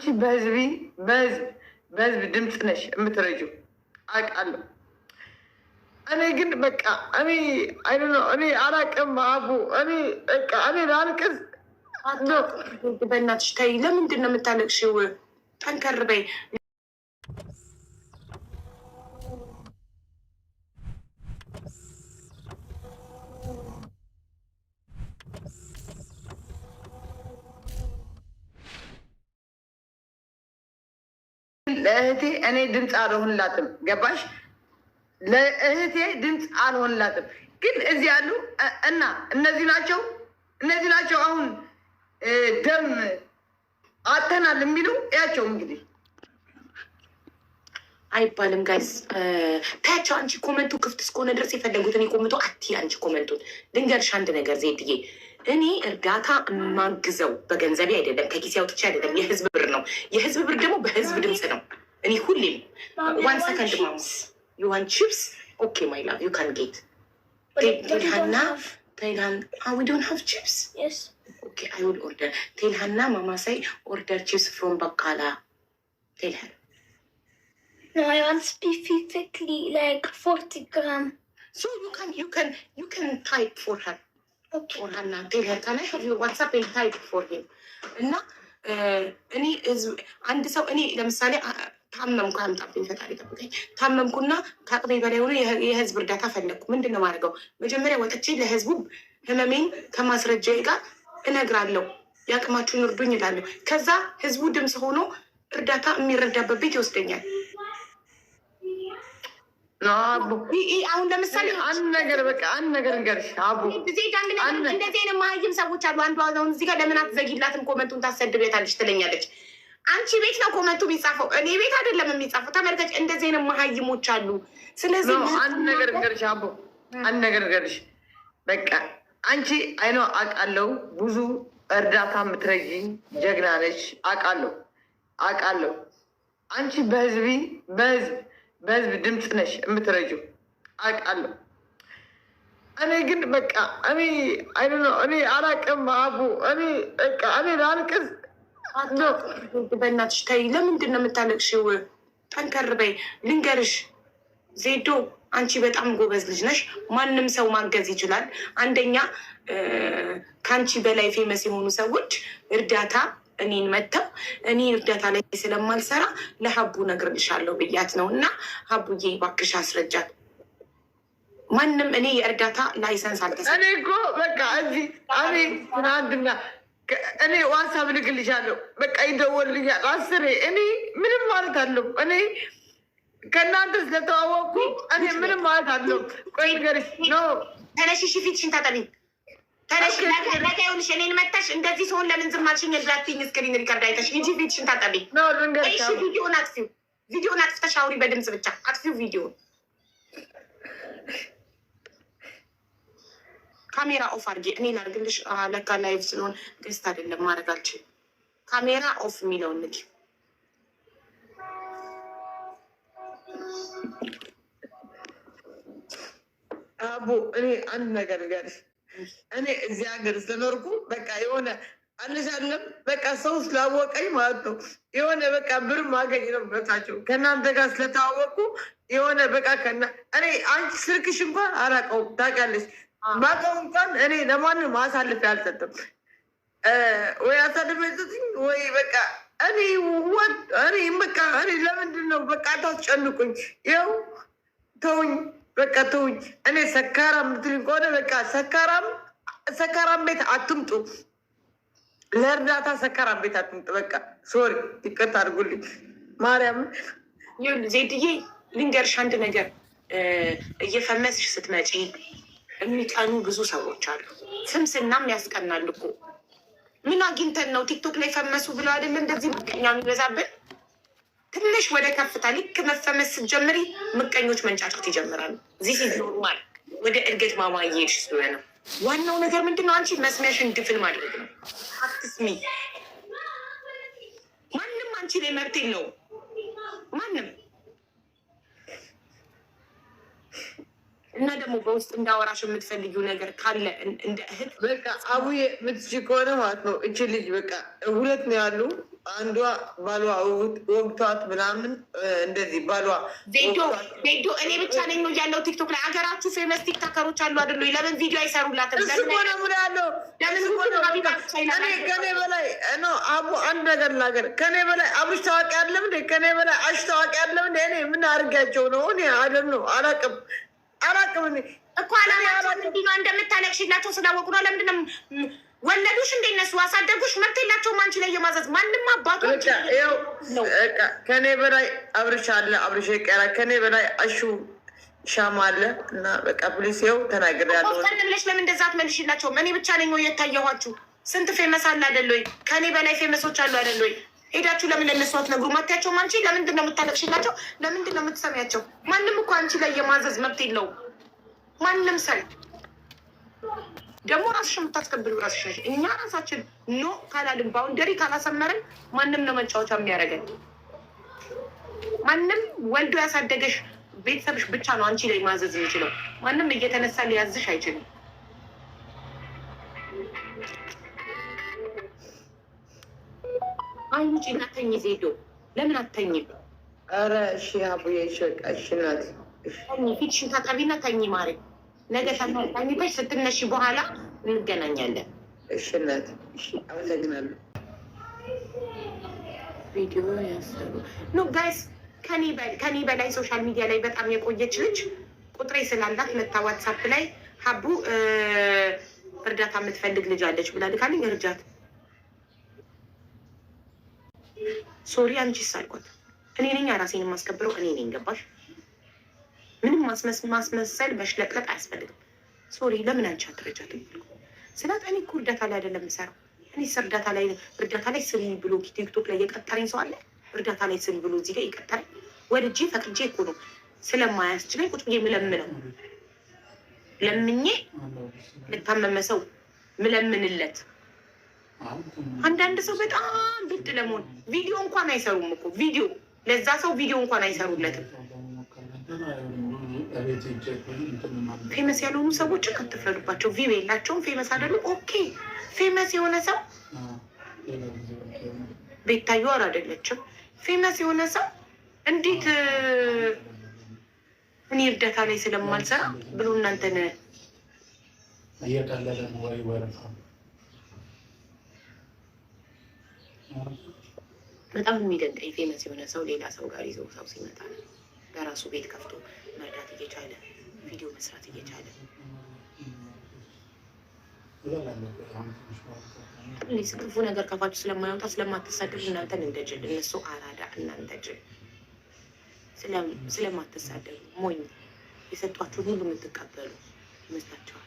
አንቺ በህዝቢ በህዝብ በህዝብ ድምፅ ነሽ የምትረጁ አውቃለሁ። እኔ ግን በቃ እኔ አይ ነው እኔ አላቅም አቡ እኔ በቃ እኔ ላልቅስ። በእናትሽ ተይ። ለምንድን ነው የምታለቅሽው? ጠንከር በይ። ለእህቴ እኔ ድምፅ አልሆንላትም። ገባሽ? ለእህቴ ድምፅ አልሆንላትም። ግን እዚህ ያሉ እና እነዚህ ናቸው እነዚህ ናቸው አሁን ደም አተናል የሚሉ ያቸው እንግዲህ አይባልም ጋይስ ታያቸው። አንቺ ኮመንቱ ክፍት እስከሆነ ድረስ የፈለጉትን የኮመንቱ አቲ አንቺ ኮመንቱን ድንገርሽ አንድ ነገር ዜድዬ እኔ እርዳታ የማግዘው በገንዘቤ አይደለም፣ ከኪሴ አውጥቼ አይደለም። የህዝብ ብር ነው። የህዝብ ብር ደግሞ በህዝብ ድምፅ ነው። እኔ ሁሌም ዋን ሰከንድ ማምስ ዩዋን ቺፕስ ኦኬ ማይ ላቭ ዩ ካን ጌት ቴልሃና ቴልሃና ዊ ዶንት ሃቭ ቺፕስ ኦኬ አይ ውድ ኦርደር ቴልሃና ማማሳይ ኦርደር ቺፕስ ፍሮም በቃላ ቴልሃን No, I want specifically like 40 gram. So you can you can you can type for her. እና እኔ አንድ ሰው እኔ ለምሳሌ ታመምኩ፣ አምጣብኝ ፈጣሪ ጠብቀኝ። ታመምኩና ከአቅሜ በላይ ሆኖ የህዝብ እርዳታ ፈለግኩ። ምንድን ነው የማደርገው? መጀመሪያ ወጥቼ ለህዝቡ ህመሜን ከማስረጃዬ ጋር እነግራለሁ። የአቅማችሁን እርዱኝ እላለሁ። ከዛ ህዝቡ ድምፅ ሆኖ እርዳታ የሚረዳበት ቤት ይወስደኛል። አሁን ለምሳሌ አንድ ነገር በቃ አንድ ነገር እንገርሽ አቡ እንደዚህ አይነት መሀይም ሰዎች አሉ። አንዷ አሁን እዚህ ጋር ለምን አትዘጊላትም? ኮመንቱን ታሰድቤታለች ትለኛለች። አንቺ ቤት ነው ኮመንቱ የሚጻፈው፣ እኔ ቤት አይደለም የሚጻፈው። ተመልከች፣ እንደዚህ አይነት መሀይሞች አሉ። ስለዚህ አንድ ነገር እንገርሽ አቡ፣ አንድ ነገር እንገርሽ በቃ አንቺ አይኖ አውቃለሁ፣ ብዙ እርዳታ የምትረጂ ጀግና ነች። አውቃለሁ አውቃለሁ። አንቺ በህዝቢ በህዝብ በህዝብ ድምፅ ነሽ የምትረጁ አውቃለሁ። እኔ ግን በቃ እኔ አይነ እኔ አላቅም አቡ እኔ በቃ እኔ ላልቅስ። በእናትሽ ተይ። ለምንድን ነው የምታለቅሽው? ጠንከር በይ። ልንገርሽ ዜዶ አንቺ በጣም ጎበዝ ልጅ ነሽ። ማንም ሰው ማገዝ ይችላል። አንደኛ ከአንቺ በላይ ፌመስ የሆኑ ሰዎች እርዳታ እኔን መጥተው እኔ እርዳታ ላይ ስለማልሰራ ለሀቡ ነግርልሻለሁ ብያት ነው። እና ሀቡዬ እባክሽ አስረጃት። ማንም እኔ የእርዳታ ላይሰንስ አልተሰጠኝም። እኔ እኮ በቃ እዚህ አቤት አንድና እኔ ዋትሳፕ ልክልሻለሁ። በቃ ይደወልልኛል አስሬ። እኔ ምንም ማለት አለው እኔ ከእናንተ ስለተዋወቅኩ እኔ ምንም ማለት አለው። ቆይ ንገሪሽ ነው ተነሽሽ ፊትሽን ታጠቢ ተነሽ ነገ ይሁንሽ። እኔን መታሽ እንደዚህ ሰውን ለምን ዝም አልሽኝ? ሪከርድ አይተሽ እንጂ ፊትሽን ታጠቢ። እሺ ቪዲዮን አጥፊው፣ ቪዲዮን አጥፍተሽ አውሪ በድምፅ ብቻ አጥፊው ቪዲዮን። ካሜራ ኦፍ አድርጌ እኔን አድርግልሽ። ለካ ላይቭ ስለሆን ገስት አይደለም ማድረግ አልችልም። ካሜራ ኦፍ አቦ እኔ አንድ ነገር ጋር እኔ እዚህ ሀገር ስለኖርኩ በቃ የሆነ አልሻለም በቃ ሰው ስላወቀኝ ማለት ነው የሆነ በቃ ብር ማገኝ ነው ብረታቸው ከእናንተ ጋር ስለተዋወቅኩ የሆነ በቃ ከና እኔ አንቺ ስልክሽ እንኳን አላውቀውም። ታውቂያለሽ ባውቀው እንኳን እኔ ለማንም አሳልፌ አልሰጥም። ወይ አሳልፌ ሰጥኝ ወይ በቃ እኔ ወድ እኔ በቃ እኔ ለምንድን ነው በቃ ታስጨንቁኝ? ይኸው ተውኝ። በቃ ተውኝ። እኔ ሰካራም ምትልኝ ከሆነ በቃ ሰካራም ሰካራም ቤት አትምጡ። ለእርዳታ ሰካራም ቤት አትምጡ። በቃ ሶሪ፣ ይቅርታ አድርጉልኝ። ማርያም ዜድዬ ልንገርሽ አንድ ነገር፣ እየፈመስሽ ስትመጪ የሚቀኑ ብዙ ሰዎች አሉ። ስምስናም ያስቀናል እኮ ምን አግኝተን ነው ቲክቶክ ላይ ፈመሱ ብለው አይደለ እንደዚህ ምቀኛ የሚበዛብን ትንሽ ወደ ከፍታ ልክ መፈመስ ስትጀምሪ ምቀኞች መንጫጫት ይጀምራሉ። ዚስ ኢዝ ኖርማል። ወደ እድገት ማማ ስለሆነ ነው። ዋናው ነገር ምንድን ነው? አንቺ መስሚያሽን ድፍን ማድረግ ነው። አትስሚ። ማንም አንቺ ላይ መብት የለውም ማንም እና ደግሞ በውስጥ እንዳወራሽ የምትፈልጊው ነገር ካለ እንደ እህት በቃ አቡዬ ምትች ከሆነ ማለት ነው። እች ልጅ በቃ ሁለት ነው ያሉ። አንዷ ባሏ ወግቷት ምናምን እንደዚህ ባሏ ቤዶ እኔ ብቻ ነኝ ያለው ቲክቶክ ላይ አገራችሁ ፌመስ ቲክቶከሮች አሉ አደሉ? ለምን ቪዲዮ አይሰሩላትም? ከኔ በላይ አቡ አንድ ነገር ናገር ከኔ በላይ አብርሽ ታዋቂ አለም ከኔ በላይ አሽ ታዋቂ አለም እኔ ምን አድርጊያቸው ነው? እኔ አደም ነው አላቅም አላቅም እኮ አላማቸውም። እንዲህ ነው እንደምታለቅሽላቸው ስላወቁ ነው። ለምንድን ነው ወለዱሽ? እንደ እነሱ አሳደጉሽ? መብት የላቸውም አንቺ ላይ የማዘዝ ማንም አባቶች ከኔ በላይ አብርሻ አለ አብርሽ ቀራ ከኔ በላይ አሹ ሻማ አለ እና በቃ ፖሊስ ው ተናግር ያለ ብለሽ ለምን እንደዛ አትመልሽላቸውም? እኔ ብቻ ነኝ የታየኋችሁ? ስንት ፌመስ አለ አይደል ወይ? ከኔ በላይ ፌመሶች አሉ አይደል ወይ? ሄዳችሁ ለምን ለነሱ አትነግሩም? አታያቸውም? አንቺ ለምንድን ነው የምታለቅሽላቸው? ለምንድን ነው የምትሰሚያቸው? ማንም እኮ አንቺ ላይ የማዘዝ መብት የለውም። ማንም ሰው ደግሞ ራስሽን የምታስከብሉ ራስሽ እኛ ራሳችን ኖ ካላልን ባውንደሪ ካላሰመርን ማንም ነው መጫወቻ የሚያደርገን። ማንም ወልዶ ያሳደገሽ ቤተሰብሽ ብቻ ነው አንቺ ላይ ማዘዝ የሚችለው። ማንም እየተነሳ ሊያዝሽ አይችልም። አይ ውጪና ተኝ ዜዶ ለምን አተኝ? ኧረ እሺ አቡዬ እሺ ናት። ፊትሽን ታጠቢና ተኝ ማሪ። ነገ ታኝበሽ ስትነሽ በኋላ እንገናኛለን። እሺ ናት። አመሰግናለሁ። ኑ ጋይስ። ከኔ በላይ ሶሻል ሚዲያ ላይ በጣም የቆየች ልጅ ቁጥሬ ስላላት መታ ዋትሳፕ ላይ ሀቡ እርዳታ የምትፈልግ ልጅ አለች ብላ ልካልኝ እርጃት ሶሪ አንቺ አልኳት። እኔ ነኝ ራሴን የማስከብረው እኔ ነኝ። ገባሽ? ምንም ማስመሰል መሽለቅለቅ አያስፈልግም። ሶሪ ለምን አንቺ አትረጃትም ስላት እኔ እኮ እርዳታ ላይ አይደለም የምሰራው። እኔስ እርዳታ ላይ እርዳታ ላይ ስሪ ብሎ ቲክቶክ ላይ የቀጠረኝ ሰው አለ? እርዳታ ላይ ስሪ ብሎ እዚህ ላይ የቀጠረኝ ወድጄ ፈቅጄ እኮ ነው ስለማያስችለኝ ቁጭ ብዬ ምለምነው ለምኜ ልታመመ ሰው ምለምንለት አንዳንድ ሰው በጣም ብጥ ለመሆን ቪዲዮ እንኳን አይሰሩም እኮ ቪዲዮ ለዛ ሰው ቪዲዮ እንኳን አይሰሩለትም። ፌመስ ያልሆኑ ሰዎችን አትፈርዱባቸው። ቪው የላቸውም፣ ፌመስ አይደሉም። ኦኬ ፌመስ የሆነ ሰው ቤታዩ አይደለችም። ፌመስ የሆነ ሰው እንዴት እኔ እርዳታ ላይ ስለማልሰራ ብሎ እናንተን እየቀለለ ነው ወይ በጣም የሚደንቀኝ ፌመስ የሆነ ሰው ሌላ ሰው ጋር ይዘው ሰው ሲመጣ በራሱ ቤት ከፍቶ መርዳት እየቻለ ቪዲዮ መስራት እየቻለ ክፉ ነገር ከፋችሁ ስለማያወጣ ስለማትሳደቡ እናንተን እንደጅል እነሱ አራዳ እናንተ ጅል ስለማትሳደብ ሞኝ የሰጧችሁን ሁሉ የምትቀበሉ ይመስላችኋል።